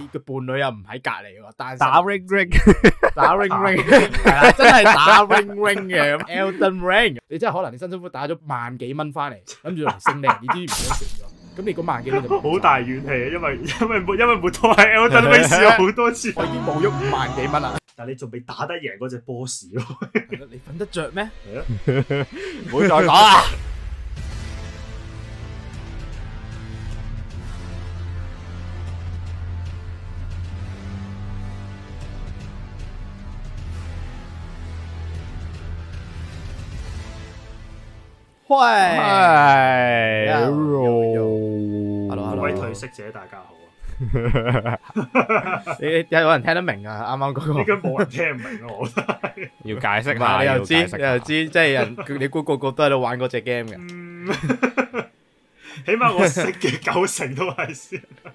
你個伴侶又唔喺隔籬喎，打 ring ring，打 ring ring，真係打 ring ring 嘅咁，Elden Ring，你真係可能你辛辛苦苦打咗萬幾蚊翻嚟，諗住嚟升靚，你知唔知點咗？咁你嗰萬幾蚊就好大怨氣啊！因為因為冇因為冇拖喺 Elden Ring 試咗好多次，我已經冇咗五萬幾蚊啦。但係你仲未打得贏嗰隻 boss 咯？你瞓得著咩？唔會再講啦。喂，Hello，威褪色者，大家好啊！有有人聽得明啊？啱啱嗰個，依家冇人聽唔明咯，要解釋嘛，你又知，你又知，即係人，你估個個都喺度玩嗰隻 game 嘅？起碼我識嘅九成都係先啦。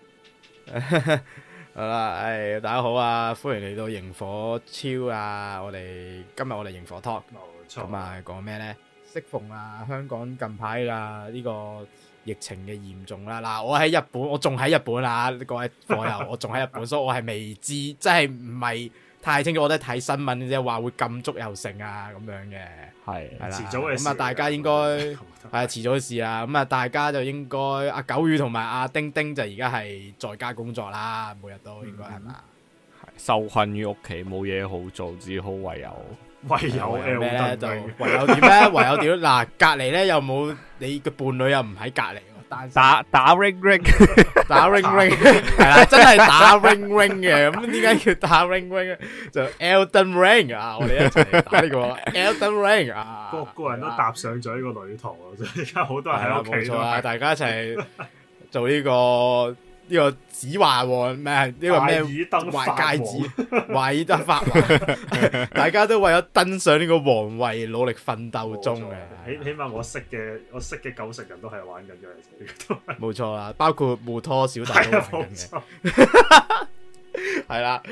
好啦，誒，大家好啊，歡迎嚟到螢火超啊！我哋今日我哋螢火 talk，冇錯，同埋，講咩咧？適逢啊，香港近排啊呢個疫情嘅嚴重啦，嗱，我喺日本，我仲喺日本啊，各位朋友，我仲喺日本，所以我係未知，即係唔係太清楚，我都睇新聞即係，話會禁足油城啊咁樣嘅，係係啦，咁啊了大家應該係遲早事啊，咁啊大家就應該阿九宇同埋阿丁丁就而家係在家工作啦，每日都應該係嘛，係、嗯、受困於屋企，冇嘢好做，只好唯有。唯有 L 咧？就唯有點咧？唯有點？嗱， 隔籬咧又冇你個伴侶又唔喺隔籬，打打 ring ring，打 ring ring， 打 ring ring，係啦，真係打 ring ring 嘅。咁點解叫打 ring ring？就 Elden Ring 啊！我哋一齊呢個 Elden Ring 啊！個個人都踏上咗呢個旅途啊！所以而家好多人喺屋企，冇錯啦， 大家一齊做呢個。呢個紫華王咩？呢、這個咩？華戒指，艾爾登法環， 大家都為咗登上呢個皇位努力奮鬥中嘅。起起碼我識嘅，我識嘅九成人都係玩緊嘅。冇錯啦，包括烏拖小弟都玩緊嘅。係啦，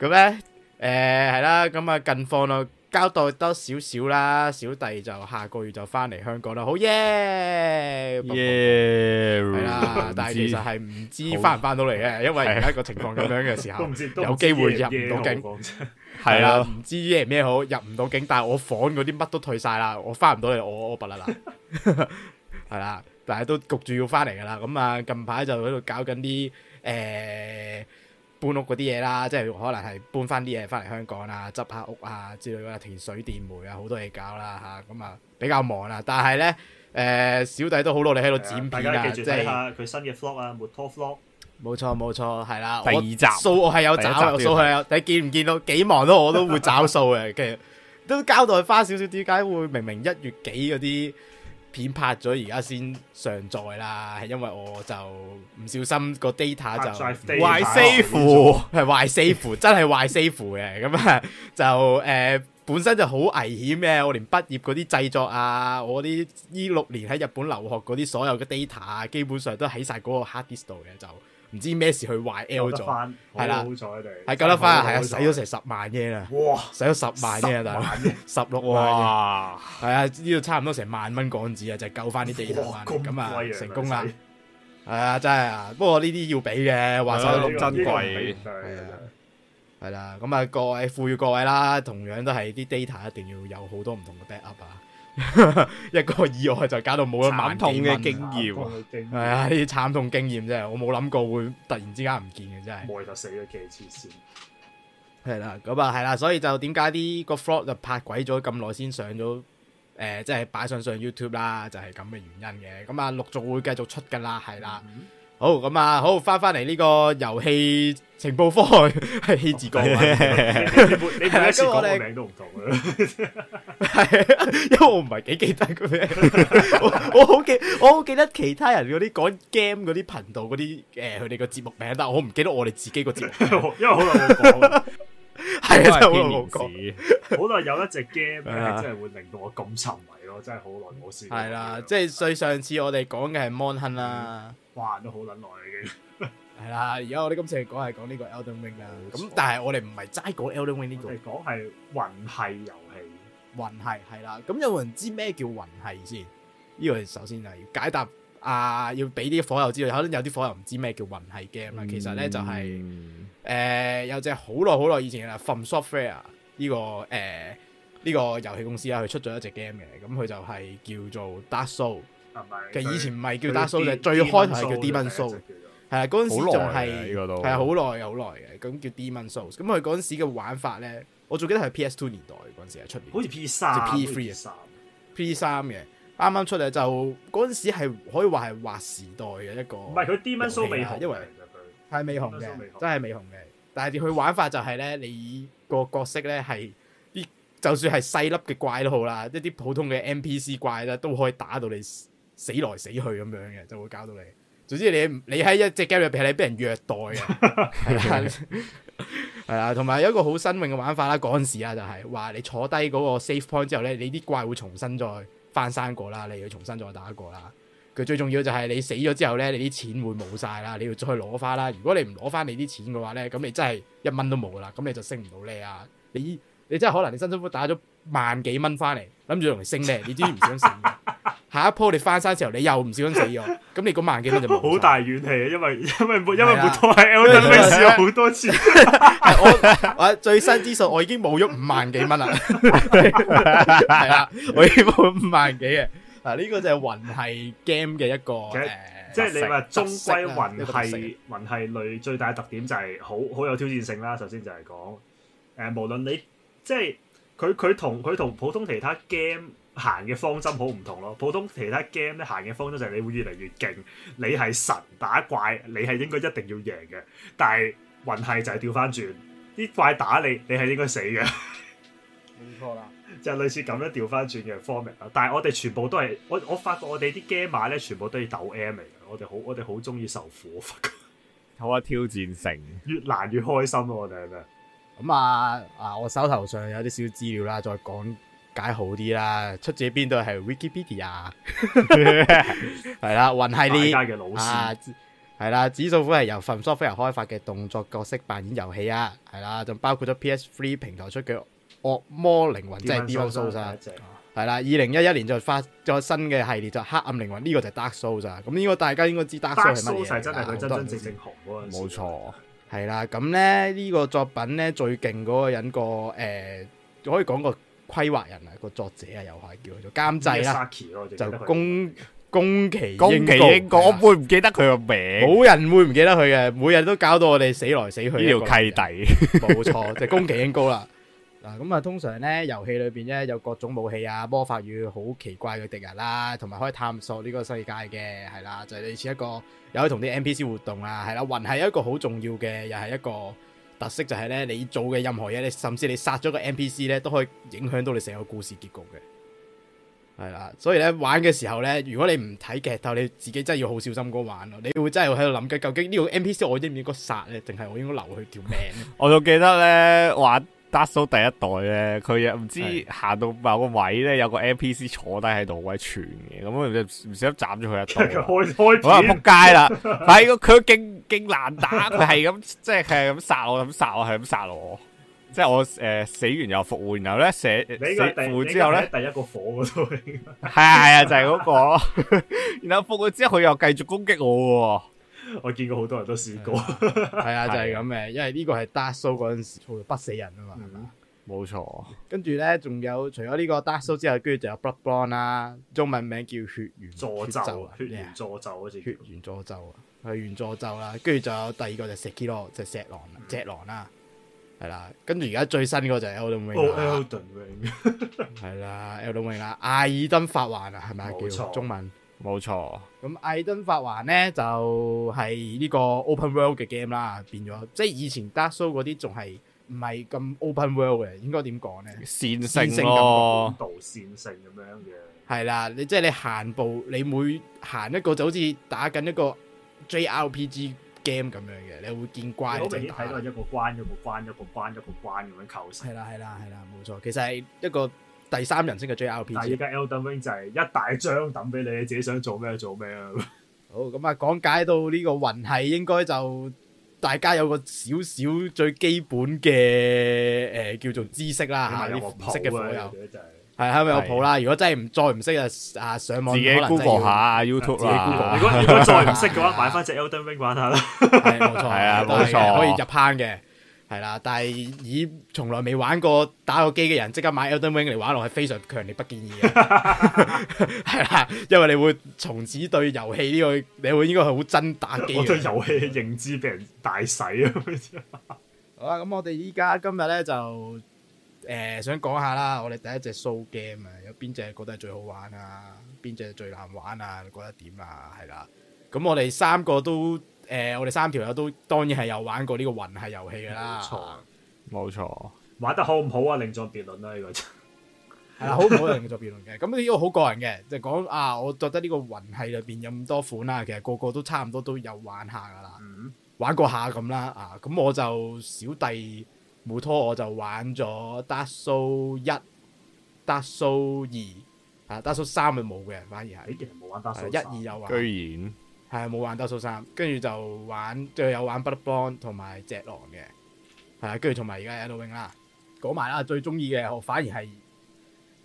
咁咧，誒，係啦，咁啊，呃、近況咯。交代多少少啦，小弟就下個月就翻嚟香港啦，好耶！係啦，但係其實係唔知翻唔翻到嚟嘅，因為而家個情況咁樣嘅時候，有機會入唔到境，係啦，唔知咩咩好，入唔到境，但係我房嗰啲乜都退晒啦，我翻唔到嚟，我我拔啦啦，係啦，但係都焗住要翻嚟㗎啦，咁啊近排就喺度搞緊啲誒。搬屋嗰啲嘢啦，即係可能係搬翻啲嘢翻嚟香港啦，執下屋啊之類嗰啲，停水電煤啊好多嘢搞啦嚇，咁啊比較忙啦。但係咧，誒、呃、小弟都好努力喺度剪片啊，即係是佢新嘅 Vlog 啊，木托 Vlog，冇錯冇錯，係啦，第二集我數我係有找數係有， 你見唔見到幾忙都我都會找數嘅。 其實都交代翻少少點解會明,明明一月幾嗰啲。片拍咗而家先上載啦，係因為我就唔小心個就取 data 就壞 save 係壞 save 真係壞 save 嘅咁啊！就誒本身就好危險嘅，我連畢業嗰啲製作啊，我啲呢六年喺日本留學嗰啲所有嘅 data 啊，基本上都喺曬嗰個 hard disk 度嘅就。唔知咩事去壞 L 咗，係啦，好係救得翻啊，係啊，使咗成十萬嘢啦，哇，使咗十萬嘢啊，十六萬，係啊，呢度差唔多成萬蚊港紙啊，就係救翻啲 data 咁啊，成功啦，係啊，真係啊，不過呢啲要俾嘅，話咁珍貴，係啊，係啦，咁啊，各位，呼籲各位啦，同樣都係啲 data 一定要有好多唔同嘅 backup 啊。 一個意外就搞到冇咗，慘痛嘅經驗，係啊，啲慘痛經驗真係，我冇諗過會突然之間唔見嘅真係，就死咗幾次先。係啦，咁啊係啦，所以就點解啲個 f l o g 就拍鬼咗咁耐先上咗，誒，即係擺上上 YouTube 啦，就係咁嘅原因嘅。咁啊，陸續會繼續出噶啦，係啦。好咁啊，好翻翻嚟呢個遊戲情報科係 自講， 你你一次我哋名都唔同啦，係 因為我唔係幾記得佢 我，我好記，我好記得其他人嗰啲講 game 嗰啲頻道嗰啲誒，佢哋個節目名啦，但我唔記得我哋自己個節目， 因為好耐冇講係啊，真係好耐冇講，好耐有， 有一隻 game 係真係會令到我咁沉迷咯，的真係好耐冇試。係啦的，即係對上次我哋講嘅係《Monhan》啦，嗯、哇都好捻耐嘅。係 啦，而家我哋今次嚟講係講呢個《Elden Ring》啦，咁錯但係我哋唔係齋講《Elden Ring》呢、這個，我哋講係魂系遊戲。魂系係啦，咁有冇人知咩叫魂系先？呢個係首先係解答。啊！要俾啲火友知道，可能有啲火友唔知咩叫魂係 game 啦。嗯、其實咧就係、是、誒、呃、有隻好耐好耐以前嘅 From Software 呢、呢個誒呢、呃呢個遊戲公司啊，佢出咗一隻 game 嘅。咁佢就係叫做 Dark Souls 其實以前唔係叫 Dark Souls 最開頭係叫 Demon Souls 啊，嗰陣時仲係係啊，好耐好耐嘅，咁叫 Demon Souls 咁佢嗰陣時嘅玩法咧，我仲記得係 PS Two 年代嗰陣時係出面，好似 P 三 P、嗯、P Three P 三嘅。啱啱出嚟就嗰陣時係可以話係劃時代嘅一個，唔係佢 Demon's Souls 未係，因為係未紅嘅，Demon's Souls，真係未紅嘅。但係佢玩法就係咧，你個角色咧係啲，就算係細粒嘅怪都好啦，一啲普通嘅 NPC 怪啦，都可以打到你死來死去咁樣嘅，就會搞到你。總之你你喺一隻 game 入邊係俾人虐待啊，係啊，同埋有一個好新穎嘅玩法啦。嗰陣時啊就係話你坐低嗰個 safe point 之後咧，你啲怪會重新再。翻生過啦，你要重新再打一個啦。佢最重要就係你死咗之後呢，你啲錢會冇晒啦，你要再去攞翻啦。如果你唔攞翻你啲錢嘅話呢，咁你真係一蚊都冇啦。咁你就升唔到呢啊！你你真係可能你辛辛苦苦打咗萬幾蚊翻嚟，諗住用嚟升呢，你知唔想升。 下一鋪你翻山時候，你又唔小心死咗，咁你嗰萬幾蚊就好大怨氣啊！因為因為因為唔同 L，我都試好多次。我最新資訊我已經冇咗五萬幾蚊啦。係啦，我已冇五萬幾嘅。嗱，呢個就係魂系 game 嘅一個，即係你話中歸魂系魂系類最大特點就係好好有挑戰性啦。首先就係講，誒，無論你即係佢佢同佢同普通其他 game。行嘅方針好唔同咯，普通其他 game 咧行嘅方針就係你會越嚟越勁，你係神打怪，你係應該一定要贏嘅。但係運氣就係調翻轉，啲怪打你，你係應該死嘅。冇 錯啦，就類似咁樣調翻轉嘅 format 咯。Form at，但係我哋全部都係，我我發覺我哋啲 game 買咧全部都要抖 M 嚟嘅。我哋好我哋好中意受苦，我發覺好啊挑戰性，越難越開心咯我哋係咪？咁啊啊，我手頭上有啲少資料啦，再講。解好啲啦，出自邊度係 Wikipedia，係、啊、 啦，云系列老師啊，係啦，指數股係由 FromSoftware 開發嘅動作角色扮演遊戲啊，係啦，仲包括咗 PS3 平台出嘅惡魔靈魂，即係 Demon's Souls 係啦，二零一一年就發咗新嘅系列就黑暗靈魂呢、這個就 Dark Souls 啊，咁呢個大家應該知 Souls、啊、Dark Souls 係乜嘢，真係佢真真正正紅嗰陣，冇錯錯，係、啊、啦，咁咧呢個作品咧最勁嗰個人個誒、呃、可以講個。規劃人啊，個作者啊，又係叫做監製啦，就宮宮崎宮崎，我會唔記得佢個名，冇人會唔記得佢嘅，每日都搞到我哋死來死去。呢條契弟，冇錯，就宮崎英高啦。嗱咁啊，通常咧遊戲裏邊咧有各種武器啊、魔法與好奇怪嘅敵人啦，同埋可以探索呢個世界嘅，係啦，就係類似一個有可以同啲 NPC 活動啊，係啦，雲係一個好重要嘅，又係一個。特色就係咧，你做嘅任何嘢咧，甚至你殺咗個 N P C 咧，都可以影響到你成個故事結局嘅。係啦，所以咧玩嘅時候咧，如果你唔睇劇透，你自己真係要好小心嗰玩咯。你會真係喺度諗緊，究竟呢個 N P C 我應唔應該殺咧，定係我應該留佢條命？ 我就記得咧玩。Dark Souls 第一代咧，佢又唔知行到某個位咧，有個 NPC 坐低喺度位傳嘅，咁唔唔想斬咗佢一刀。開開，我話仆街啦！係個佢勁勁難打，佢係咁即係係咁殺我，咁殺我，係咁殺我，即係我誒死完又復活，然後咧死死復活之後咧，第一個火嘅，都係啊係啊，就係嗰個，然後復活之後佢又繼續攻擊我。我見過好多人都試過，係啊，就係咁嘅，因為呢個係 Dark Souls 嗰陣時，吵到不死人啊嘛，冇錯。跟住咧，仲有除咗呢個 Dark Souls 之後，跟住就有 Bloodborne 啦，中文名叫血緣助咒，血緣助咒，好似血緣助咒啊，血緣助咒啦。跟住就第二個就 Sekiro，就隻狼，隻狼啦，係啦。跟住而家最新嗰就係 Elden Ring，係啦，Elden Ring 啦，艾爾登法環啊，係咪叫中文？冇錯，咁艾爾登法環咧就係、是、呢個 open world 嘅 game 啦，變咗即係以前 Dark Souls 嗰啲仲係唔係咁 open world 嘅，應該點講咧？線性性，道性，導線性咁樣嘅。係啦，你即係你行步，你每行一個就好似打緊一個 JRPG game 咁樣嘅，你會見關就打。我明顯睇到一個關一個關一個關一個關咁樣構成。係啦係啦係啦，冇錯，其實係一個。第三人稱嘅 JRPG，但係而家 Elden Ring 就係、是、一大張抌俾你，你自己想做咩做咩啊！好，咁啊，講解到呢個運係，應該就大家有個少少最基本嘅誒、呃、叫做知識啦，啲識嘅火友係係咪有譜啦、啊啊？如果真係唔再唔識啊啊，上網自己 Google 下 YouTube 啦。如果如果再唔識嘅話，買翻隻 Elden Ring 玩下啦，係啊，冇錯、 啊，可以入坑嘅。係啦，但係以從來未玩過打過機嘅人，即刻買、e《Elden、er、Ring》嚟玩落，係非常強烈不建議嘅。係啦， 因為你會從此對遊戲呢個，你會應該係好憎打機。我對遊戲嘅認知俾人大洗啊！好啦，咁我哋依家今日咧就誒想講下啦，我哋第一隻《Soul Game》啊，有邊隻覺得係最好玩啊？邊隻最難玩啊？你覺得點啊？係啦。咁我哋三個都誒、呃，我哋三條友都當然係有玩過呢個魂係遊戲啦，冇錯，冇錯。玩得好唔好啊？另作別論啦呢個，係 啦， 好唔好？另作別論嘅。咁呢個好個人嘅，就講、是、啊，我覺得呢個魂係入邊有咁多款啦，其實個個都差唔多都有玩下噶啦，嗯、玩過下咁啦啊。咁我就小弟冇拖，我就玩咗 d Dark Souls 一、d Dark Souls 二啊，Dark Souls 三就冇嘅，反而係誒，冇、欸、玩 d Dark Souls 一二有玩，居然。係冇玩德蘇三，跟住就玩，最有玩 Bloodborne 同埋隻狼嘅，係啊，跟住同埋而家 Elden Ring 啦，講埋啦最中意嘅，我反而係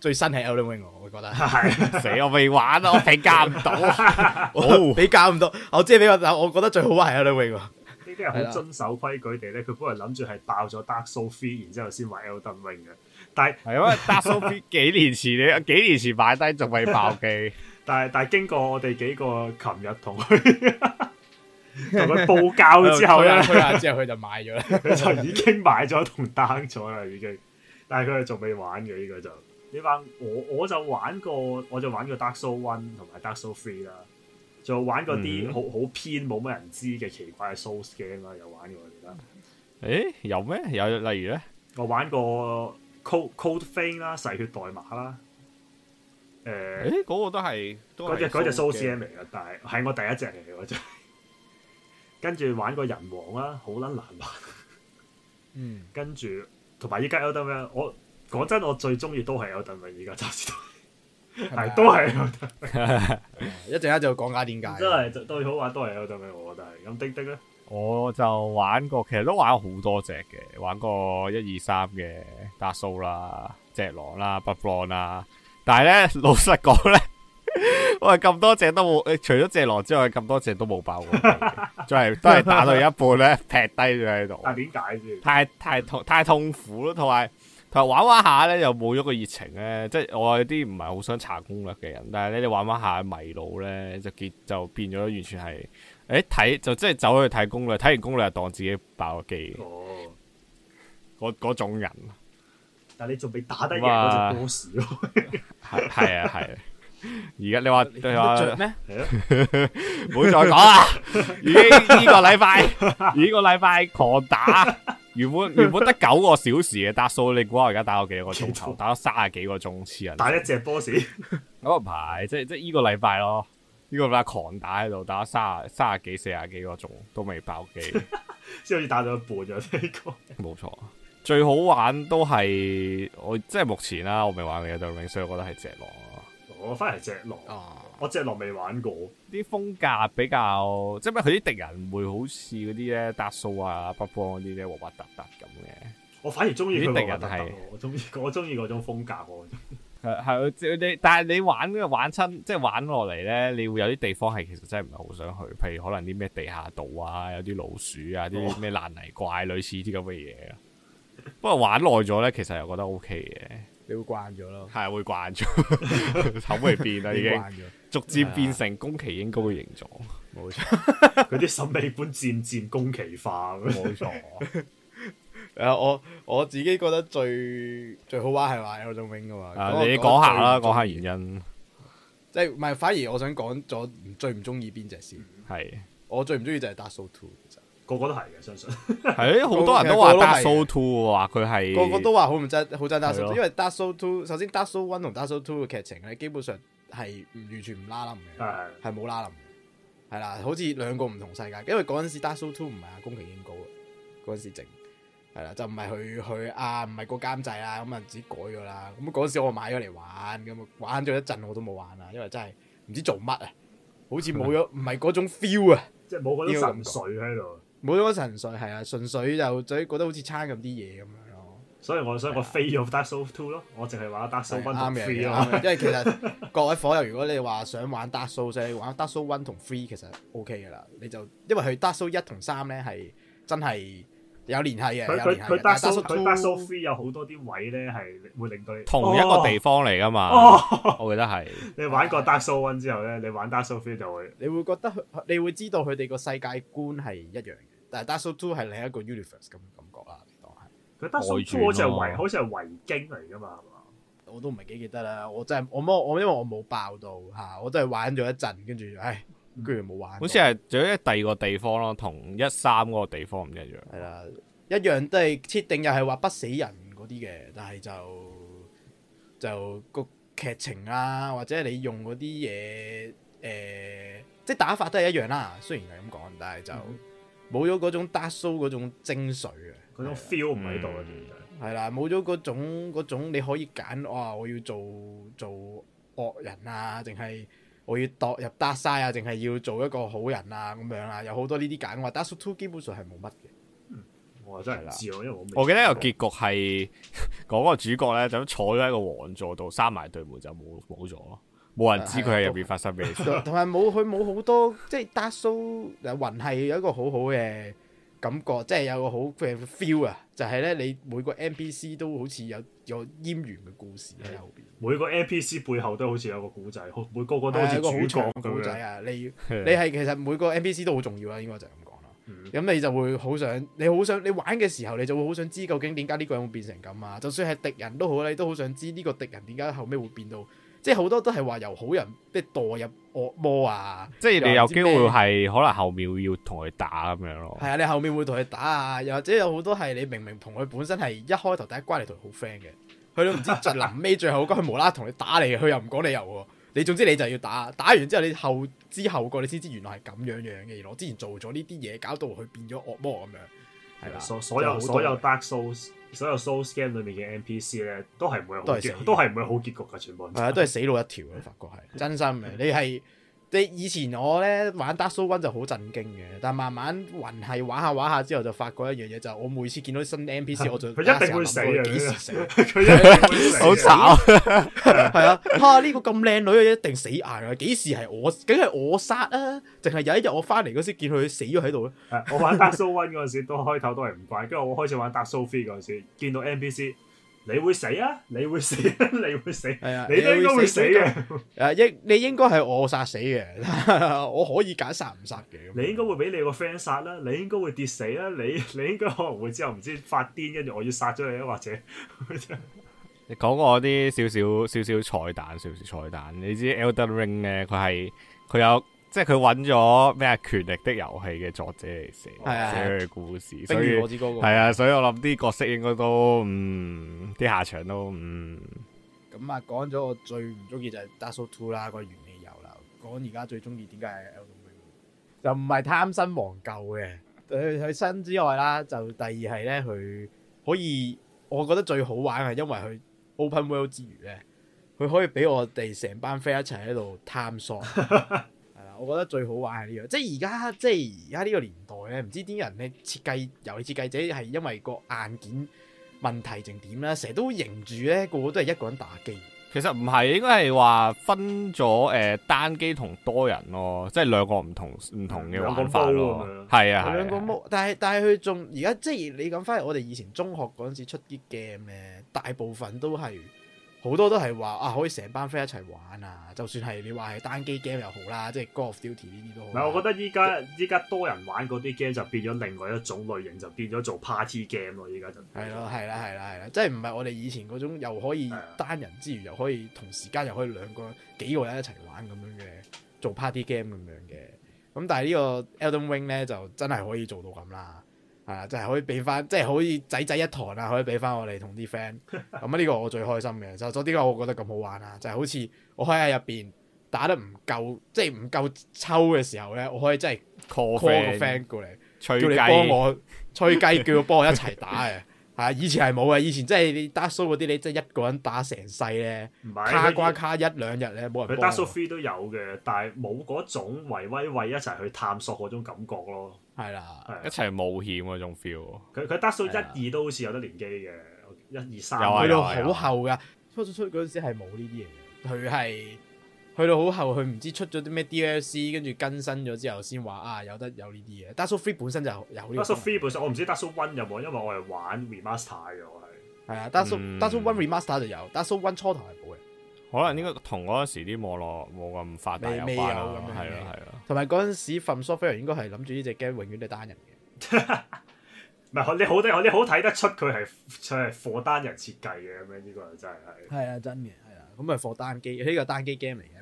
最新係 Elden Ring 我覺得係，死 我未玩，我評價唔到，你教唔到，我即係俾我，我覺得最好玩係 Elden Ring 呢啲人好遵守規矩嘅咧，佢本來諗住係爆咗德蘇三，然之後先玩 Elden Ring 嘅，但係因為德蘇三幾年前你，幾年前買低仲未爆機。 但係但係經過我哋幾個琴日同佢同佢報告，之後咧， 一一，之後佢就買咗，佢就已經買咗同 down 咗啦，已經。但係佢係仲未玩嘅呢，這個就。你話我我就玩過，我就玩過 Dark Souls One 同埋 Dark Souls Three 啦，就玩嗰啲好好偏冇乜人知嘅奇怪嘅 Souls game 啦，有玩過而家。誒、欸，有咩有例如咧？我玩過 Code Code Vein 啦，噬血代碼啦。誒、嗰、欸那個都係、那個，嗰隻嗰隻蘇 M 嚟嘅。嗎但係係我第一隻嚟嘅。真係、就是。跟住玩過人王啦、啊，好捻難玩、啊。嗯，跟住同埋依家有得咩？我講真，我最中意都係有得。咩、就是？而家渣士係都係歐頓。一陣間就要講下，點解真係最好玩都係有得。咩？我覺得係咁滴滴咧，我就玩過，其實都玩好多隻嘅，玩過一二三嘅達蘇啦，隻狼啦，不亂啦。但係咧，老實講咧， 喂，咁多隻都冇，除咗隻狼之外，咁多隻都冇爆過，再都係打到一半咧， 劈低咗喺度。但係點解啫？太太痛太痛苦咯，同埋同埋玩玩下咧又冇咗個熱情咧，即係我有啲唔係好想查攻略嘅人，但係你哋玩玩下迷路咧就，就變就變咗完全係，誒睇就即係走去睇攻略，睇完攻略又當自己爆咗機，嗰嗰 種人。但你仲未打得贏嗰隻 boss 咯？係係 啊而家、啊、你話你話咩？唔好 吧 再講啦！已經呢個禮拜，呢 個禮拜狂打，原本原本得九個小時嘅打數，你估下而家打咗幾個鐘頭？ 打咗三十幾個鐘黐人。打一隻 boss 嗰個牌、哦，即係即係呢個禮拜咯。呢、這個禮拜狂打喺度，打咗三十三十幾四十幾個鐘，都未爆機，先 好似打咗一半就呢個。冇錯。最好玩都係我即係目前啦，我未玩嘅《對龍》，所以我覺得係隻狼。我反而係隻狼啊！我隻狼未玩過，啲風格比較即係咩？佢啲敵人會好似嗰啲咧，Dark Souls 啊、北方嗰啲咧，核核突突咁嘅。我反而中意啲敵人係，我中意我中意嗰種風格喎。係係你，但係你玩嘅玩親，即係玩落嚟咧，你會有啲地方係其實真係唔係好想去，譬如可能啲咩地下道啊，有啲老鼠啊，啲咩爛泥怪類似啲咁嘅嘢。 不過玩耐咗咧，其實又覺得 O K 嘅，你會慣咗咯，係會慣咗，口味 變啦已經，逐漸變成宮崎英高嘅形狀，冇錯 佢啲審美觀漸漸宮崎化錯、啊，冇錯。誒，我我自己覺得最最好玩係玩 Elden Ring 噶嘛，啊那個、你講下啦，講下原因，即係唔係？反而我想講咗最唔中意邊隻先，係的我最唔中意就係 Dark Souls 2。個個都係嘅，相信。係，好多人都話《Dark Souls 2》話佢係。個個都話好唔真，好真《Dark Souls》。因為《Dark Souls 2》首先，《Dark Souls 1》同《Dark Souls 2》嘅劇情咧，基本上係完全唔拉冧嘅，係冇的拉冧嘅。係啦，好似兩個唔同世界。因為嗰陣時《Dark Souls 2》唔係阿宮崎英高嘅嗰時整，係啦，就唔係去去啊，唔係嗰監製啦，咁啊，唔知改咗啦。咁嗰陣時我買咗嚟玩，咁玩咗一陣我都冇玩啦，因為真係唔知做乜啊，好似冇咗，唔係嗰種 feel 啊，即係冇嗰種純粹喺度。冇咗純粹係啊，純粹就只覺得好似差咁啲嘢咁樣咯。所以我想、啊、我飛咗 double two 咯對，我淨係玩 double one 同 t，因為其實各位夥友，如果你話想玩 double 就係玩 d a u b l e one 同 three，其實 OK 噶啦。你就因為佢 double 一同三咧係真係，有聯繫嘅，佢佢佢 Dark Souls 有好多啲位咧係會令到你同一個地方嚟㗎嘛？Oh. 我記得係 你玩過 Dark Souls One 之後咧，你玩 Dark Souls Three 就會你會覺得佢，你會知道佢哋個世界觀係一樣嘅，但係 Dark Souls Two 係另一個 universe 咁嘅感覺啦，當係。佢 Dark Souls Two 好似係圍好似係圍經嚟㗎嘛？我都唔係幾記得啦。我真係我我，因為我冇爆到嚇，我真係玩咗一陣，跟住唉。哎居然冇玩，好似係仲有第二個地方咯，同一三嗰個地方唔一樣。係啦，一樣都係設定又係話不死人嗰啲嘅，但係就就個劇情啊，或者你用嗰啲嘢，誒、呃，即係打法都係一樣啦。雖然係咁講，但係就冇咗嗰種 Dark Soul 嗰種精髓啊，嗰的種 feel 唔喺度啊的，絕對係啦，冇咗嗰種嗰種你可以揀，哇、哦！我要做做惡人啊，定係～我要墮入 Dark Side 啊，定係要做一個好人啊咁樣啊，有好多呢啲揀。我話《Dark Souls 2》基本上係冇乜嘅。嗯，我真係啦。的我，我記得有結局係講個主角咧，就咁坐咗喺個王座度，閂埋對門就冇冇咗咯。冇人知佢喺入邊發生咩事。同埋冇佢冇好多，即係《Dark Souls》雲係有一個好好嘅。感覺即係有個好嘅 feel 啊，就係、是、咧你每個 NPC 都好似有有謠言嘅故事喺後邊。每個 NPC 背後都好似有個古仔，每個個都好似個主角嘅古仔啊！你的你係其實每個 NPC 都好重要啦、啊，應該就係咁講啦。咁、嗯、你就會好想，你好想你玩嘅時候，你就會好想知究竟點解呢個人會變成咁啊？就算係敵人都好，你都好想知呢個敵人點解後尾會變到。即係好多都係話由好人即係墮入惡魔啊！即係是你，你有機會係可能後面要同佢打咁樣咯。係啊，你後面會同佢打啊，又或者有好多係你明明同佢本身係一開頭第一關嚟同佢好 friend 嘅，佢都唔知就臨尾最後嗰關，佢無啦啦同你打嚟，佢又唔講理由喎。你總之你就要打，打完之後你後，之後過你後知後覺，你先知原來係咁樣樣嘅。原來我之前做咗呢啲嘢，搞到佢變咗惡魔咁樣，係啦，所有所有所有《Soulscan》裏面嘅 NPC 咧，都係唔會好結，都係唔會好結局嘅全部。係啊，都係死路一條嘅，發覺係真心嘅。你係。以前我咧玩 Dark Soul 1就好震驚嘅，但係慢慢還係玩下玩下之後就發覺一樣嘢，就是、我每次見到啲新 NPC 我就佢一定會死啊，幾時死？好慘，係啊，哈、這、呢個咁靚女一定死硬啊，幾時係我，梗係我殺啊？淨係有一日我翻嚟嗰時見佢死咗喺度咧。我玩 Dark Soul 1嗰陣時，都 開頭都係唔怪。跟住我開始玩 Dark Soul 3嗰陣時，見到 NPC。你會死啊！你會死、啊，你會死。係啊，你應該會死嘅。誒，應你應該係我殺死嘅，我可以揀殺唔殺嘅。你應該會俾你個 friend 殺啦，你應該會跌死啦、啊。你你應該可能會之後唔知發癲，跟住我要殺咗你啊，或者。你講我啲少少少少彩蛋少少彩蛋，你知 Elden Ring 咧，佢係佢有。即係佢揾咗咩《權力的遊戲》嘅作者嚟寫寫佢嘅故事，所以係啊，所以我諗啲角色應該都嗯，啲下場都嗯。咁啊，講咗我最唔中意就係《Dark Souls 2》啦，個原理游啦。講而家最中意點解？就唔係貪新忘舊嘅，佢佢新之外啦，就第二係呢，佢可以我覺得最好玩係，因為佢 Open World 之餘呢，佢可以俾我哋成班 friend 一齊喺度探索。 我覺得最好玩係呢樣，即係而家即係而家呢個年代咧，唔知啲人咧設計遊戲設計者係因為個硬件問題定點咧，成日都認住咧，個個都係一個人打機。其實唔係，應該係話分咗誒單機同多人咯，即係兩個唔同唔同嘅玩法咯。係啊係啊，兩個 mode，但係但係佢仲而家即係你講翻嚟，我哋以前中學嗰陣時出啲 game 咧，大部分都係。好多都係話啊，可以成班 friend 一齊玩啊，就算係你話係單機 game 又好啦，即係 Call of Duty 呢啲都好，啊。唔，我覺得依家依家多人玩嗰啲 game 就變咗另外一種類型，就變咗做 party game 咯。依家就係咯，係啦，係啦，係啦，即係唔係我哋以前嗰種又可以單人之餘的又可以同時間又可以兩個幾個人一齊玩咁樣嘅做 party game 咁樣嘅。咁但係、e、呢個 Elden Ring 咧就真係可以做到咁啦。係啊，就係可以俾翻，即係可以濟濟一堂啊，可以俾翻我哋同啲 friend。咁呢個我最開心嘅，就咁呢個我覺得咁好玩啊！就係好似我喺入邊打得唔夠，即係唔夠抽嘅時候咧，我可以真係 call 個 friend 過嚟，叫你幫我吹雞， 叫你幫我一齊打嘅。啊！以前係冇嘅，以前真係你 s 掃嗰啲，你真係一個人打成世咧，是卡關卡一兩日咧冇人幫 d 幫。佢打掃 free 都有嘅，但係冇嗰種維威衞一齊去探索嗰種感覺咯。係啦的，的一齊冒險嗰種 feel。佢佢打掃一二都好似有得連機嘅，一二三去到好後噶，初初出嗰陣時係冇呢啲嘢佢係。去到好後，佢唔知出咗啲咩 DLC，跟住更新咗之後先話啊，有得有呢啲嘢。Dark Souls 3本身就有好呢啲。Dark Souls 3本身我唔知 Dark Souls 1有冇，因為我係玩 remaster 嘅，我係。係啊，Dark Souls 1 remaster 就有，Dark Souls 1初頭係冇嘅。可能呢個同嗰陣時啲網絡冇咁發達有關啦，係咯係咯。同埋嗰陣時 FromSoftware 應該係諗住呢隻 game 永遠都係單人嘅。唔係你好得，你好睇得出佢係佢係貨單人設計嘅咁樣，呢個真係係。係啊，真嘅，係啊，咁係貨單機，呢個單機 game 嚟嘅。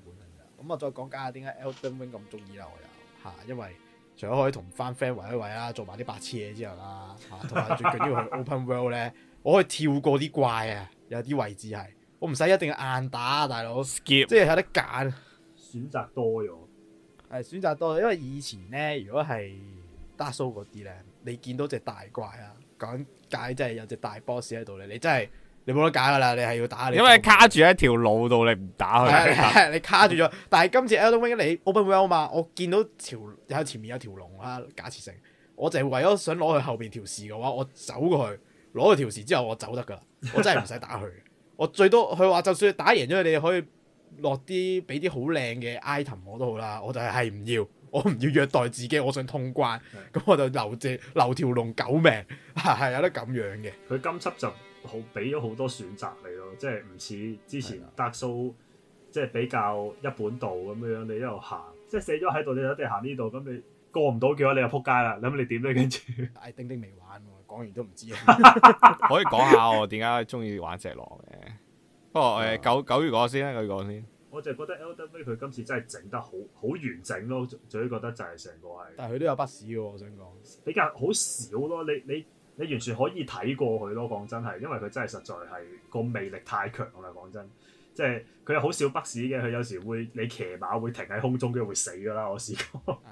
咁我再講解下點解《Elden Ring》咁中意啦，我又嚇，因為除咗可以同翻 friend 圍一位啦，做埋啲白痴嘢之後啦，嚇，同埋最緊要去 Open World 咧，我可以跳過啲怪啊，有啲位置係，我唔使一定要硬打，大佬 skip，即係有得揀，選擇多咗，係選擇多，因為以前咧，如果係 Dark Souls 嗰啲咧，你見到隻大怪啊，講解就係有隻大 Boss 喺度咧，你真係～你冇得揀噶啦，你係要打。你因為卡住喺條路度，你唔打佢。你卡住咗，但係今次《Elden Ring》你 Open World 嘛？我見到條有前面有條龍啊，假設性，我就係為咗想攞佢後邊條樹嘅話，我走過去攞佢條樹之後，我走得噶啦，我真係唔使打佢。我最多佢話就算打贏咗，你可以落啲俾啲好靚嘅 item 我都好啦，我就係唔要，我唔要虐待自己，我想通關，咁我就留只留條龍狗命，係係有得咁樣嘅。佢今輯就。好俾咗好多選擇你咯，即係唔似之前 Dark Souls< 的>，即係比較一本道咁樣樣，你一路行，的即係死咗喺度，你一定行呢度，咁你過唔到嘅話，你又撲街啦，咁你點咧？跟住，唉，丁丁未玩，講完都唔知。 可以講下我點解中意玩隻狼嘅？不過誒的，九九，月果先，九月果先啦。佢講先我就覺得 LW 佢今次真係整得好好完整咯，最尾覺得就係成個係。但係佢都有筆屎嘅喎，我想講比較好少咯，你你。你你完全可以睇過佢咯，講真係，因為佢真係實在係個魅力太強啦。講真，即係佢又好少筆屎嘅，佢有時會你騎馬會停喺空中，跟住會死㗎啦。我試過，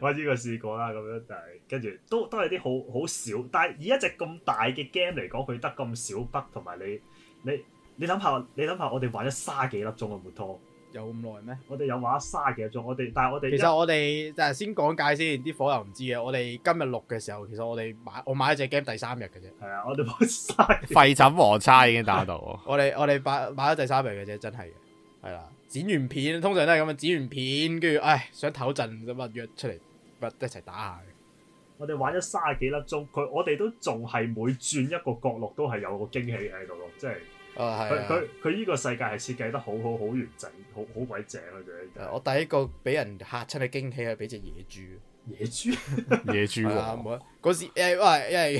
我知佢試過啦。咁樣，但係跟住都都係啲好好少，但係以一隻咁大嘅 game 嚟講，佢得咁少筆，同埋你你你諗下，你諗下我哋玩咗三十幾粒鐘嘅摩托。有咁耐咩？我哋有玩卅幾粒鐘，我哋但係我哋。其實我哋就係先講解先，啲火又唔知嘅。我哋今日錄嘅時候，其實我哋買我買咗隻 game 第三日嘅啫。係啊，我哋玩曬。廢寢忘餐已經打到。 我哋我哋買買咗第三日嘅啫，真係嘅。係啦，啊，剪完片通常都係咁樣剪完片，跟住唉想唞陣，咁啊約出嚟一齊打一下。我哋玩咗卅幾粒鐘，佢我哋都仲係每轉一個角落都係有個驚喜喺度咯，即係。啊，係佢，佢呢個世界係設計得好好好完整，好好鬼正啊！仲有我第一個俾人吓親嘅驚喜係俾隻野豬，野豬，野豬王。嗰時誒，喂，因為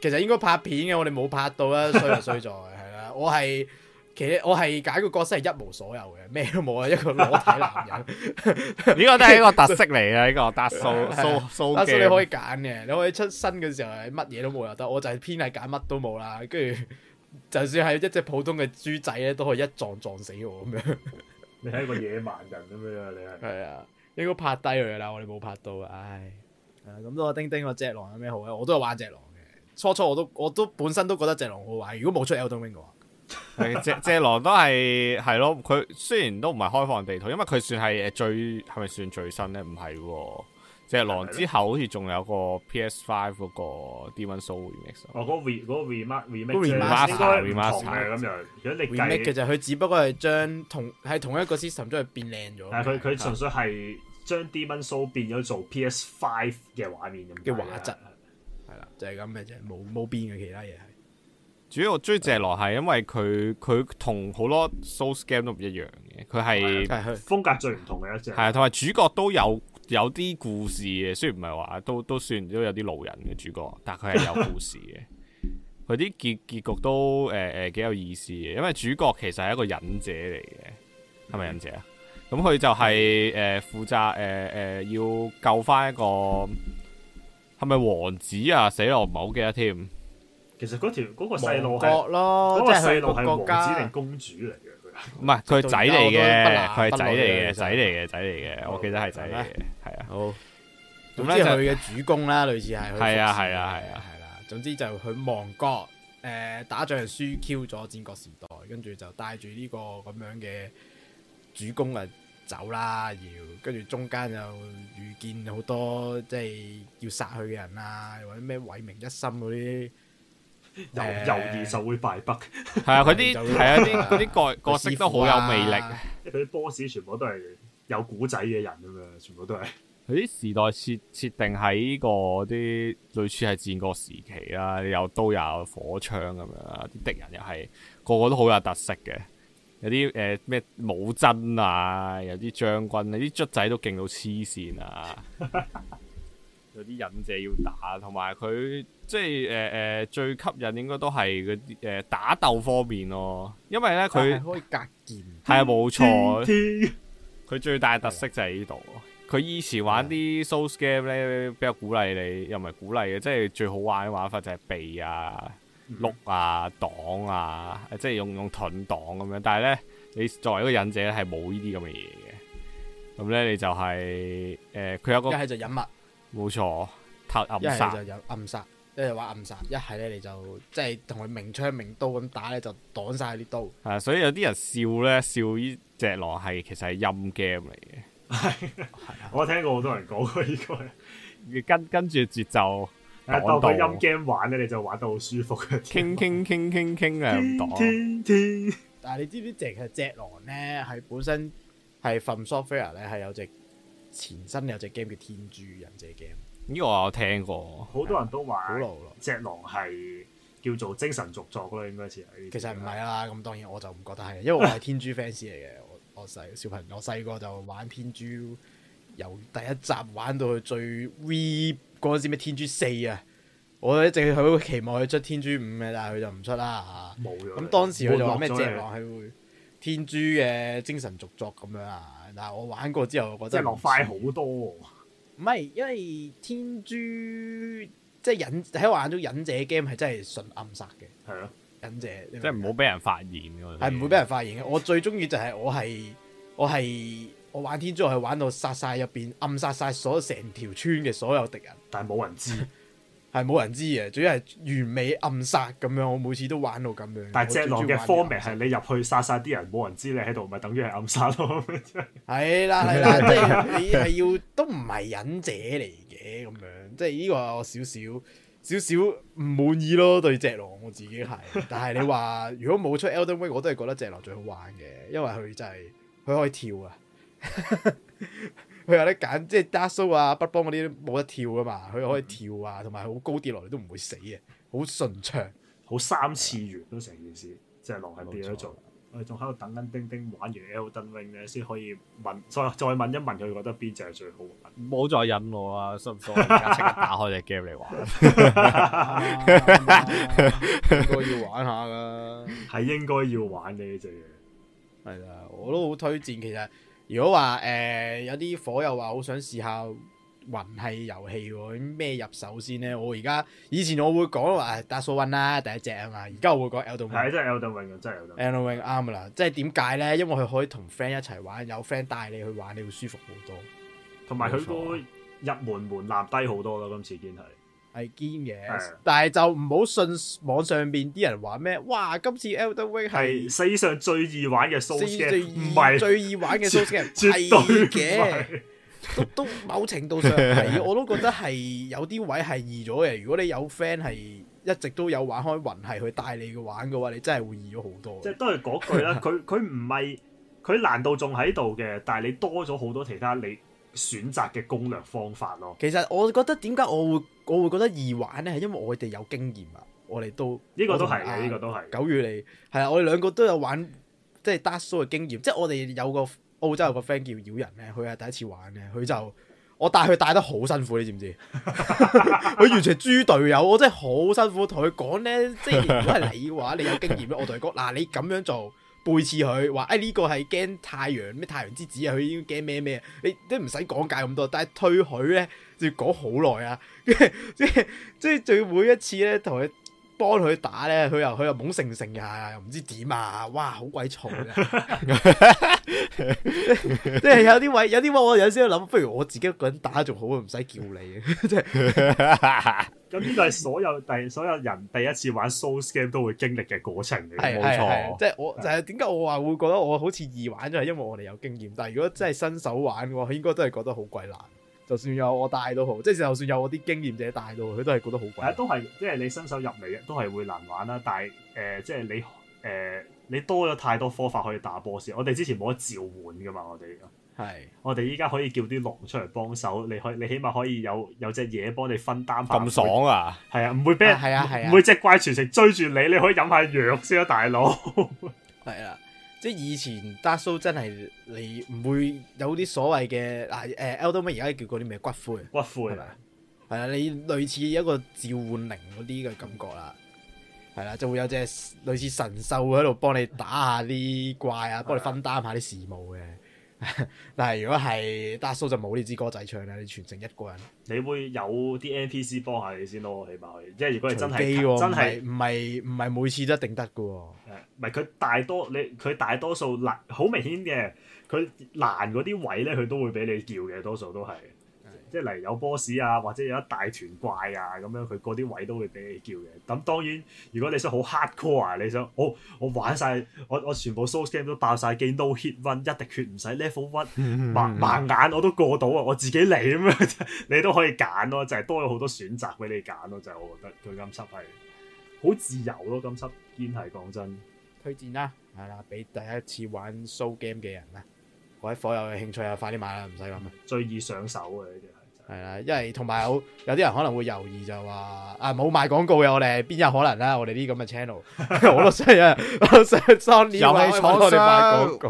其實應該拍片嘅，我哋冇拍到啦，衰就衰在係啦。我係其實我係揀個角色係一無所有嘅，咩都冇啊，一個裸體男人。呢個都係一個特色嚟嘅呢個。但係數數數，你可以揀嘅，你可以出身嘅時候係乜嘢都冇又得，我就係偏係揀乜都冇啦，跟住。就算係一隻普通嘅豬仔咧，都可以一撞撞死我咁樣，樣。你係一個野蠻人咁樣啊！你係係啊，應該拍低佢啦，我哋冇拍到，唉。咁多阿丁丁個隻狼有咩好咧？我都有玩隻狼嘅，初初我都我都本身都覺得隻狼好玩。如果冇出 Elden Ring 嘅話，只只 狼都係係咯。佢雖然都唔係開放地圖，因為佢算係誒最係咪算最新咧？唔係。隻狼之後，好似仲有個 P.S. Five 嗰個 Demon Soul Remix。哦，嗰這樣 個 re 嗰個 remake remake 咁 remaster 樣。如果你計嘅佢只不過係將同係同一個 system 都係變靚咗。但係佢佢純粹係將 Demon Soul 變咗做 P.S. Five 嘅畫面，嘅畫質係啦，就係咁嘅啫，冇冇變嘅其他嘢。他主要我追隻狼係因為佢佢同好多 Souls Game 都唔一樣嘅，佢係風格最唔同嘅一隻。係啊，同埋主角都有。有啲故事嘅，雖然唔係話都都算都有啲路人嘅主角，但係佢係有故事嘅。佢啲 結結局都誒誒、呃呃、幾有意思嘅，因為主角其實係一個忍者嚟嘅，係咪忍者啊？咁佢、嗯、就係誒負責誒誒、呃呃、要救翻一個係咪王子啊？死咯，我、那個，唔係好記得添。其實嗰條嗰個細路角王咯，即係佢個國家定公主嚟嘅。嗯唔係佢係仔嚟嘅，佢係仔嚟嘅，仔嚟嘅，仔嚟嘅，我記得係仔嚟嘅，係啊。好，總之佢嘅主公啦，類似係。係啊，係啊，係啊，係啦。總之就佢亡國，誒，打仗係輸 Q 咗戰國時代，跟住就帶住呢個咁樣嘅主公啊走啦，要跟住中間又遇見好多即係要殺佢嘅人啊，或者咩葦名一心嗰啲。猶猶豫就會敗北。係 啊，佢啲係啊啲啲角角色都好有魅力。佢啲 boss 全部都係有古仔嘅人咁啊，全部都係。佢啲時代設設定喺個啲類似係戰國時期啦，有刀又有火槍咁樣啊，啲敵人又係個個都好有特色嘅，有啲誒咩武僧啊，有啲將軍，啲卒仔都勁到黐線啊！ 有啲忍者要打，同埋佢即係誒誒最吸引應該都係嗰啲誒打鬥方面咯、啊。因為咧佢它它、啊、可以隔劍，係啊冇錯，佢最大嘅特色就係呢度。佢、嗯、以前玩啲 Souls、嗯、game 咧，比較鼓勵你又唔係鼓勵嘅，即係最好玩嘅玩法就係避啊、碌、嗯、啊、擋啊，即係用用盾擋咁樣。但係咧，你作為一個忍者咧，係、嗯、冇、嗯嗯、呢啲咁嘅嘢嘅。咁咧你就係、是、誒，佢有個係就忍、是、物。冇錯，暗殺就有暗殺，一係玩暗殺，一係咧你就即係同佢明槍明刀咁打咧，就擋晒啲刀。係啊，所以有啲人笑咧，笑呢隻狼係其實係陰 game 嚟嘅。係啊，我聽過好多人講過呢句。跟跟住節奏，當佢陰 game 玩咧，你就玩得好舒服嘅。傾傾傾傾傾啊，唔擋。 但係你知唔知只係隻狼咧，係本身係 FromSoftware 咧，係、so、有隻。前身有隻 game 叫天《天誅忍者 game》，呢個我聽過，好多人都玩。好老啦！隻狼係叫做精神續作、嗯、啦，應該似。其實唔係啦，咁當然我就唔覺得係，因為我係天誅 fans 嚟嘅。 我我細小朋友，我細個就玩天誅，由第一集玩到佢最 V，嗰陣時咩天誅四啊，我一直喺度期望佢出天誅五嘅，但係佢就唔出啦。冇咗。咁當時佢就話咩？隻狼係會天誅嘅精神續作咁樣啊！嗱，但我玩過之後，我覺得落快好多。唔係，因為天珠即係隱喺我眼中，忍者 game 係真係純暗殺嘅。係咯的，忍者即係唔好俾人發現嘅。係唔會俾人發現嘅。我最中意就係我係我係我玩天珠，係玩到殺晒入面，暗殺晒所成條村嘅所有敵人，但係冇人知。係冇人知嘅，主要係完美暗殺咁樣。我每次都玩到咁樣。但係隻狼嘅 form 係你入去殺曬啲人，冇人知你喺度，咪等於係暗殺咯。係啦， 係啦，即係你係要都唔係忍者嚟嘅咁樣。即係呢個我少少少少唔滿意咯，對隻狼我自己係。但係你話如果冇出 Elden Ring 我都係覺得隻狼最好玩嘅，因為佢真係佢可以跳啊。 佢有得揀，即係 Dazzle 啊、不幫嗰啲冇得跳噶嘛，佢可以跳啊，同埋好高跌落嚟都唔會死嘅，好順暢，嗯、好三次元都成件事，錯即係落喺邊都做。我哋仲喺度等緊丁丁玩完 Elden、er、咧，先可以問，再再問一問佢覺得邊隻係最好。唔好再引我啊，心唔爽，請打開隻 game 嚟玩。應該要玩下噶，係應該要玩呢隻嘢。係啦，我都好推薦，其實。如果話誒、呃、有啲火又話好想試下魂系遊戲喎，咩入手先咧？我而家以前我會講話達數雲啦，哎、one，第一隻啊嘛，而家我會講 Elden Ring。係真係 Elden Ring，真係有 Elden Ring 啱啦，即係點解咧？因為佢可以同 friend 一齊玩，有 friend 帶你去玩，你會舒服好多。同埋佢個入門門檻低好多啦，今次見係。係堅嘅，的但係就唔好信網上邊啲人話咩？哇！今次 Elden Ring 係世上最易玩嘅《s o 是最易玩嘅《SOSK 的》對，係嘅，都某程度上係， 我都覺得係有啲位係易咗嘅。如果你有 friend 係一直都有玩開魂系，佢帶你去玩嘅話，你真係會易咗好多。即係都係嗰句啦，佢佢唔係佢難度仲喺度嘅，但係你多咗好多其他你。選擇嘅攻略方法咯，其實我覺得點解我會我會覺得易玩呢？係因為我哋有經驗啊，我哋都，呢個都係，呢個都係。九月你係啊，我哋兩個都有玩，即係 Dark Souls 嘅經驗，即係我哋有個澳洲有個 friend 叫妖人呢，佢係第一次玩呢。佢就我帶佢帶得好辛苦，你知唔知？佢 完全豬隊友，我真係好辛苦，同佢講呢，即係如果係你嘅話，你有經驗，我同佢講嗱，你咁樣做。背刺佢，話，誒呢個係驚太陽咩太陽之子啊，佢應該驚咩咩？你都唔使講解咁多，但係推佢咧，就要講好耐啊！即係即係即係，仲要每一次咧同佢幫佢打咧，佢又佢又懵盛盛啊，又唔知點啊！哇，好鬼嘈啊！即係有啲位有啲話，我有時都諗，不如我自己一個人打仲好啊，唔使叫你即係。 即係 咁呢個係所有第所有人第一次玩 Soul Game 都會經歷嘅過程嚟，冇是錯。即係是我就係點解我話會覺得我好似易玩就係因為我哋有經驗，但係如果真係新手玩嘅話，佢應該都係覺得好鬼難。就算有我帶都好，即、就、係、是、就算有我啲經驗者帶到，佢都係覺得好鬼難。係都係，即、就、係、是、你新手入嚟都係會難玩啦。但係誒，即、呃、係、就是、你誒、呃，你多咗太多方法可以打 BOSS。我哋之前冇得召喚㗎嘛，我哋。係，我哋依家可以叫啲龍出嚟幫手，你可以，你起碼可以有有隻嘢幫你分擔下。咁爽啊！係啊，唔會俾人，係啊係啊，唔會隻怪全程追住你，你可以飲下藥先啊，大佬。係 啊，即係以前 Dark Souls 真係你唔會有啲所謂嘅誒，Elden Ring 而家叫嗰啲咩骨灰？骨灰係咪？係啊吧，你類似一個召喚靈嗰啲嘅感覺啦，係啦，就會有隻類似神獸喺度幫你打下啲怪啊，幫你分擔下啲事務嘅。但係 如果係，Dark Soul 就冇呢支歌仔唱啦，你全程一個人。你會有啲 N P C 幫下你先咯，起碼佢，即係如果係真係，哦、真係唔係唔係每次都一定得噶喎。唔係佢大多你佢大多數難好明顯嘅，佢難嗰啲位咧，佢都會俾你叫嘅，多數都係。即係嚟有 boss 啊，或者有一大團怪啊，咁樣佢嗰啲位都會俾你叫嘅。咁當然，如果你想好 hardcore 啊，你想我、哦、我玩晒，我我全部 soul game 都爆晒，見 no hit run，一滴血唔使 level one 盲盲眼我都過到啊，我自己嚟咁樣， 你都可以揀咯，就係多咗好多選擇俾你揀咯，就係我覺得佢今集係好自由咯、啊，今集堅係講真，真。推薦啦，係啦，俾第一次玩 soul game 嘅人咧，各位火友有興趣啊，快啲買啦，唔使諗。最易上手啊，係啦，因為同埋有有啲人可能會猶豫就話啊，冇賣廣告嘅，我哋邊有可能咧？我哋呢咁嘅 channel，我都真係真係三年冇坐話我哋賣廣告，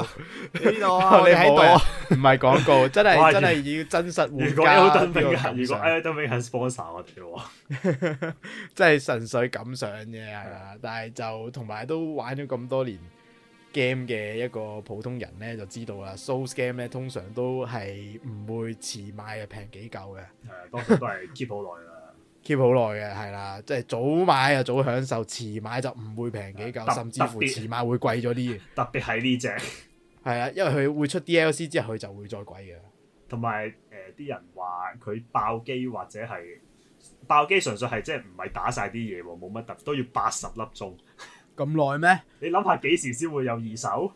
呢度啊，你冇唔係廣告，真係真係要真實回教啊！如果哎呀，都未係 sponsor 我哋喎，即係純粹感想啫。係啦的，但係就同埋都玩咗咁多年。game 嘅一個普通人咧就知道啦，Souls game 咧通常都係唔會遲買啊平幾嚿嘅，誒， 當然都係 keep 好耐啦，keep 好耐嘅係啦，即係、就是、早買啊早享受，遲買就唔會平幾嚿，特甚至乎遲買會貴咗啲嘅，特別係呢隻，係啊，因為佢會出 DLC 之後佢就會再貴嘅，同埋誒啲人話佢爆機或者係爆機，純粹係即係唔係打晒啲嘢喎，冇乜特別，都要八十粒鍾。 咁耐咩？你諗下幾時先會有二手？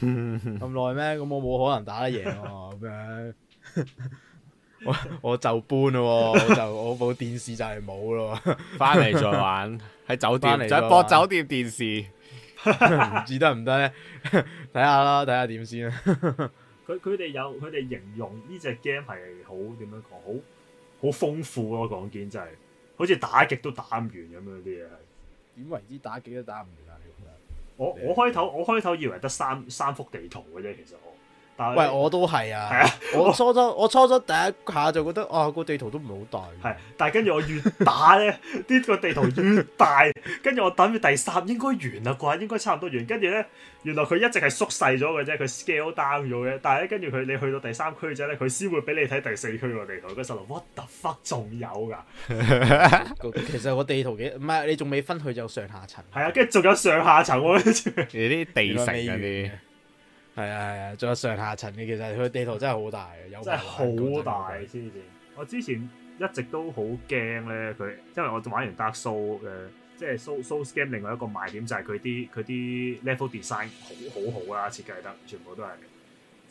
咁耐咩？咁我冇可能打得贏喎咁樣。 我我就搬咯， 我就我部電視就係冇咯。翻嚟再玩喺 酒店。嚟再播酒店電視，唔 知得唔得咧？睇下啦，睇下點先啦。佢佢哋有佢哋形容呢隻 game 係好點樣講？好好豐富咯，講件真係，好似打極都打唔完咁樣啲嘢係。點為之打幾都打唔完啊！你我我開頭我開頭以為得三三幅地圖嘅啫，其實我。喂，我都係啊！啊我初初 我初初第一下就覺得啊，個地圖都唔係好大。係、啊，但係跟住我越打咧，呢 個地圖越大。跟住我等於第三應該完啦啩，應該差唔多完。跟住咧，原來佢一直係縮細咗嘅啫，佢 scale down 咗嘅。但係跟住佢，你去到第三區嘅啫咧，佢先會俾你睇第四區個地圖。嗰時候，What the fuck，仲有㗎！ 其實我地圖嘅，唔係你仲未分佢就有上下層。係啊，跟住仲有上下層喎。 你啲地城嗰、啊、啲。係啊係啊，仲有上下層嘅。其實佢地圖真係好大，有真係好大先至。我之前一直都好驚咧，佢因為我玩完 Dark Souls 誒，即係 Souls game 另外一個賣點就係佢啲佢啲 level design 好好好啊，設計得全部都係。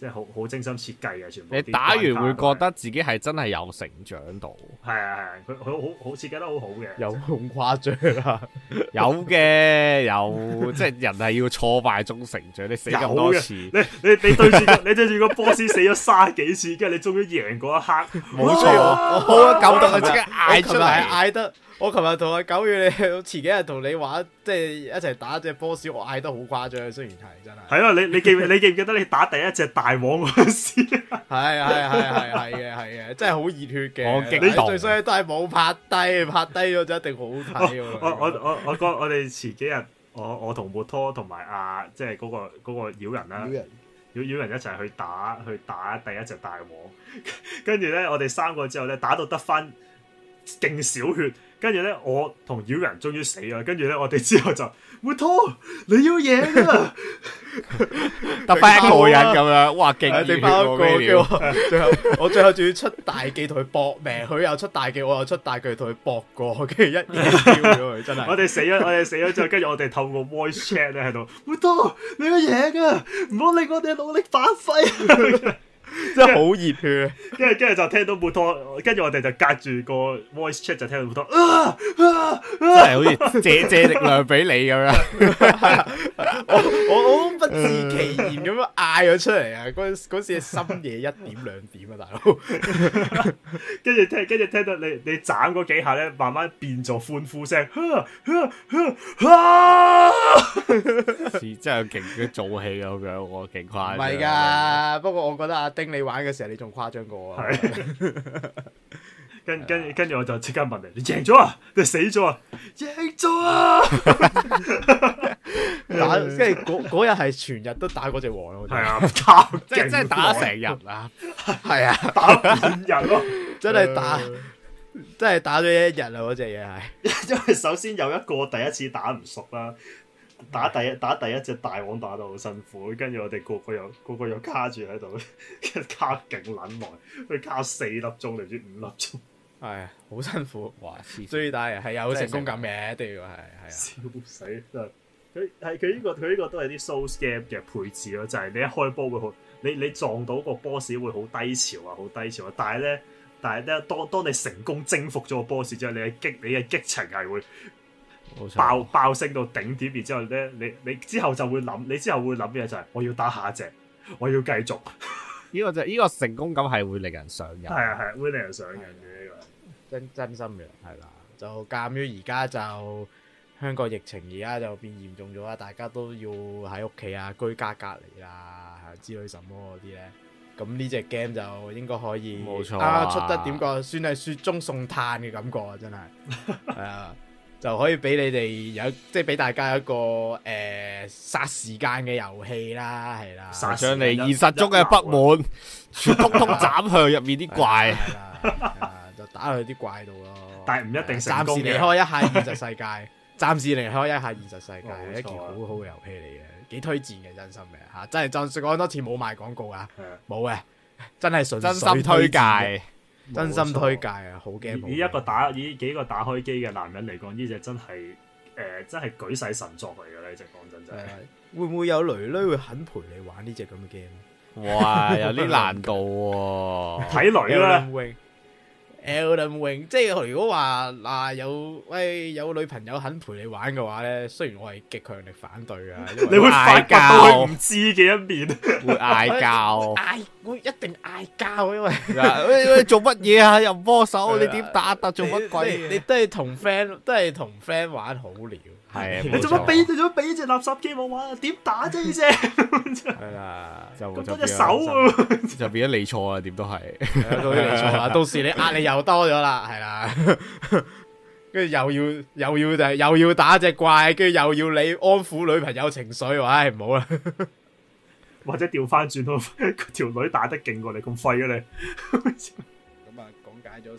即係好好精心設計嘅，全部你打完會覺得自己係真係有成長到。係啊係啊，佢佢好好設計得好好嘅。真的 有咁誇張？ 有嘅，有即係人係要挫敗中成長。你死咁多次，你你你對住個你對住個 Boss、 這個、死咗三十幾次，跟住你終於贏嗰一刻，冇錯，我好感動，我即刻嗌出嚟，嗌得。我琴日同阿九月，你前幾日同你玩，即係一齊打隻 boss，我嗌得好誇張，雖然係真係。係咯，你記你記你記唔記得你打第一隻大王嗰時？係係係係係嘅係嘅，真係好熱血嘅。謝謝我勁熱血，最衰都係冇拍低，拍低咗就一定好睇。我我我我哥，我哋前幾日，我我同木拖同埋阿即係嗰個嗰個妖人啦，妖妖人一齊去打去打第一隻大王，跟住咧我哋三個之後咧打到得翻勁少血。跟住咧，我同妖人終於死啦。跟住咧，我哋之後就沒拖，你要贏㗎，得翻 一個人咁樣，哇勁！我最後我最後仲要出大技同佢搏命，佢又出大技，我又出大技同佢搏過，跟住一連吊咗佢，真係 我哋死咗，我哋死咗之後，跟住我哋透過 voice chat 咧喺度，沒拖，你要贏㗎，唔好令我哋努力白費。 真係好熱血，跟住跟住就聽到 uptalk，跟住我哋就隔住個 voice chat 就聽到 uptalk、啊啊、真係好似借借力量俾你咁樣， 我我我都不自其然咁樣嗌咗出嚟啊！嗰嗰、嗯、時，時深夜一點兩點啊，大佬，跟住聽跟住聽到你你斬嗰幾下咧，慢慢變咗歡呼聲，啊啊啊、真係勁嘅做戲咁樣，我勁快，唔係噶，不過我覺得啊。跟你玩嘅時候，你仲誇張過我啊！ 跟跟跟住我就即刻問你：你贏咗啊？你死咗啊？贏咗啊！ 打即係嗰日係全日都打嗰隻王咯，係啊，即係即係打成日啦，係啊，打成日咯，真係打真係打咗一日啊！嗰隻嘢係，因為首先有一個第一次打唔熟啦。打第一打第一隻大王打得好辛苦，跟住我哋個個又個個又卡住喺度，卡勁撚耐，佢卡四粒鐘嚟住五粒鐘，係啊、哎，好辛苦哇！最大係有成功感嘅，都要係係啊，笑死真係佢係佢呢個佢呢個都係啲 Souls game 嘅配置咯，就係、是、你一開波會好，你你撞到個 boss 會好低潮啊，好低潮啊！但係咧，但係咧，當當你成功征服咗個 boss 之後，你嘅激你嘅激情係會爆爆升到頂點，然之後咧，你你之後就會諗，你之後會諗嘅就係、是、我要打下隻，我要繼續。呢 個就呢、是這個成功感係會令人上癮，係啊係、啊，會令人上癮嘅呢個真真心嘅係啦。啊、就鑒於而家就香港疫情而家就變嚴重咗啦，大家都要喺屋企啊，居家隔離啊，啊之類什麼嗰啲咧，咁呢隻 game 就應該可以冇錯、啊啊、出得點講算係雪中送炭嘅感覺啊，真係係啊。 就可以俾你哋有，即係俾大家一個誒、呃、殺時間嘅遊戲啦，係啦、啊，殺上嚟現實中嘅不滿、啊、全通通斬向入面啲怪， 就打去啲怪度咯。但係唔一定成功。暫時離開一下現實世界， 暫時離開一下現實世界係、哦啊、一件好好嘅遊戲嚟嘅，幾推薦嘅真心嘅嚇、啊，真係就算講多次冇賣廣告啊，冇嘅， 真係純真心推介。真心推介啊！好驚錯以，以一個打，以幾個打開機嘅男人嚟講，呢隻真係，誒、呃，真係舉世神作嚟嘅咧！真講真真，會唔會有女女會肯陪你玩呢隻咁嘅 game？哇，有啲難度喎、啊，睇 女啦、啊。 Elden Ring，即係，如果話嗱、啊、有誒有女朋友肯陪你玩嘅話咧，雖然我係極強力反對嘅，我會你會發覺到唔知嘅一面，會嗌交，嗌、 哎哎、我一定嗌交，因為喂喂做乜嘢啊？又唔幫、 啊、手、啊、你點打、啊？打做乜鬼？你都係同 friend 都係同 friend 玩好了。係啊！你做乜俾你做乜俾隻垃圾機我玩啊？點打啫呢隻？係啦，咁多隻手啊，就變咗你錯啊？點都係，都係你錯啦！到時你壓力又多咗啦，係啦，跟住又要又要就係又要打隻怪，跟住又要你安撫女朋友情緒，唉，唔好啦，或者調翻轉到個條女打得勁過你，咁廢啊你！咁啊，講解咗。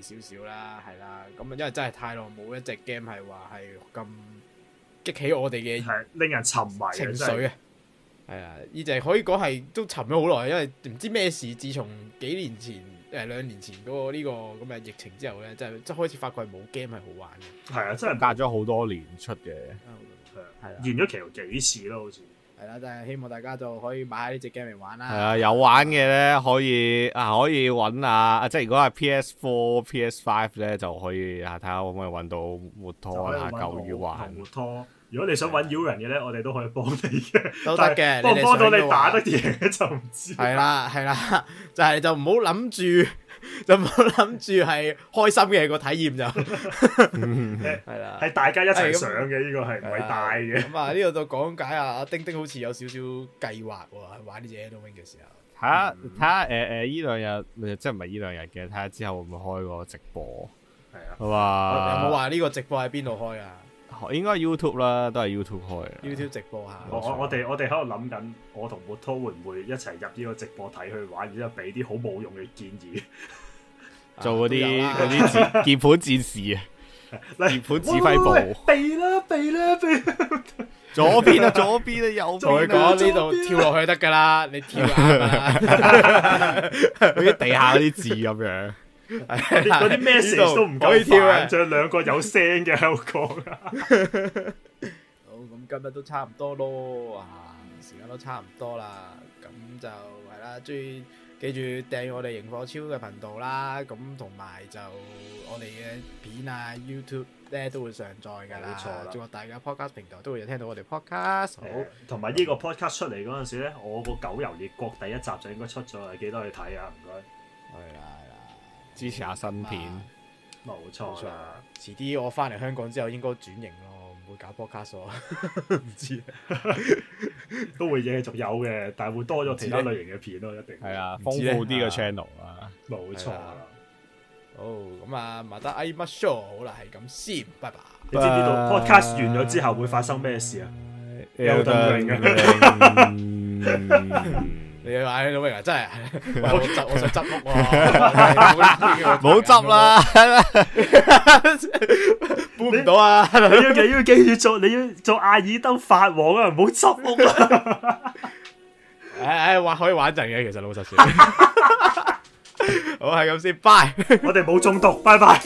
少少啦，係啦，咁因為真係太耐冇一隻 game 係話係咁激起我哋嘅，係令人沉迷情緒啊，係啊，呢隻係可以講係都沉咗好耐，因為唔知咩事，自從幾年前誒兩年前嗰個呢個咁嘅疫情之後咧，就即係開始發覺係冇 game 係好玩嘅，係啊，真係隔咗好多年出嘅，係啊，係啊，完咗其有幾次咯，好似。係啦，就係希望大家就可以買下呢隻 game 嚟玩啦。係啊，有玩嘅咧可以啊，可以揾啊，即係如果係 PS4 PS、PS5 咧就可以啊，睇下可唔可以揾到活拖下舊魚玩。活拖，如果你想揾妖人嘅咧，我哋都可以幫你嘅。都得嘅，幫幫到你打得贏就唔知。係啦係啦，就係、是、就唔好諗住。就冇諗住係開心嘅個體驗就係啦，係大家一齊上嘅呢個係偉大嘅。咁啊呢度就講解啊，阿、嗯、丁丁好似有少少計劃玩呢隻《Elden Ring》嘅時候，睇下睇下誒誒呢兩日，即係唔係呢兩日嘅，睇下之後會唔會開個直播。係啊，啊嗯嗯、有冇話呢個直播喺邊度開啊？應該 YouTube 啦，都係 YouTube 開。YouTube 直播下。錯我我哋我哋喺度諗緊，我同摩托會唔會一齊入呢個直播睇去玩，然之後俾啲好冇用嘅建議。啊、做嗰啲嗰啲鍵盤戰士啊，鍵盤 指揮部喂喂喂。避啦避啦避,啦避啦 左邊、啊！左邊啊,邊啊左邊啊右邊。同佢講呢度跳落去得噶啦，你跳啊！好似地下嗰啲字咁樣。嗰啲咩事都唔敢講，仲有兩個有聲嘅喺度講啦。好，咁今日都差唔多咯啊，時間都差唔多啦。咁就係啦，注意記住訂閱我哋螢火超嘅頻道啦。咁同埋就我哋嘅片啊，YouTube 咧，都會上載噶啦。冇錯，仲有大家 Podcast 平台都會有聽到我哋 Podcast。好，同埋呢個 Podcast 出嚟嗰陣時咧，我個《狗遊列國》第一集就應該出咗啦，記得去睇啊，唔該。係啊。支持下新片，冇錯。遲啲我翻嚟香港之後，應該轉型咯，唔會搞 podcast 咯，唔知，都會繼續有嘅，但係會多咗其他類型嘅片咯，一定。係啊，豐富啲嘅 channel 啊，冇錯。哦，咁啊，麥德埃乜 show 好啦，係咁先，拜拜。你知唔知道 podcast 完咗之後會發生咩事啊？又等佢。你話你老味啊，真係， 我執我想執屋，唔好執啦，搬唔到啊！你要你要記住做，你要做艾爾登法王啊，唔好執屋啊！誒 誒、哎，玩，哎、可以玩陣嘅，其實老實說， 好，係咁先，拜，我哋冇中毒，拜拜。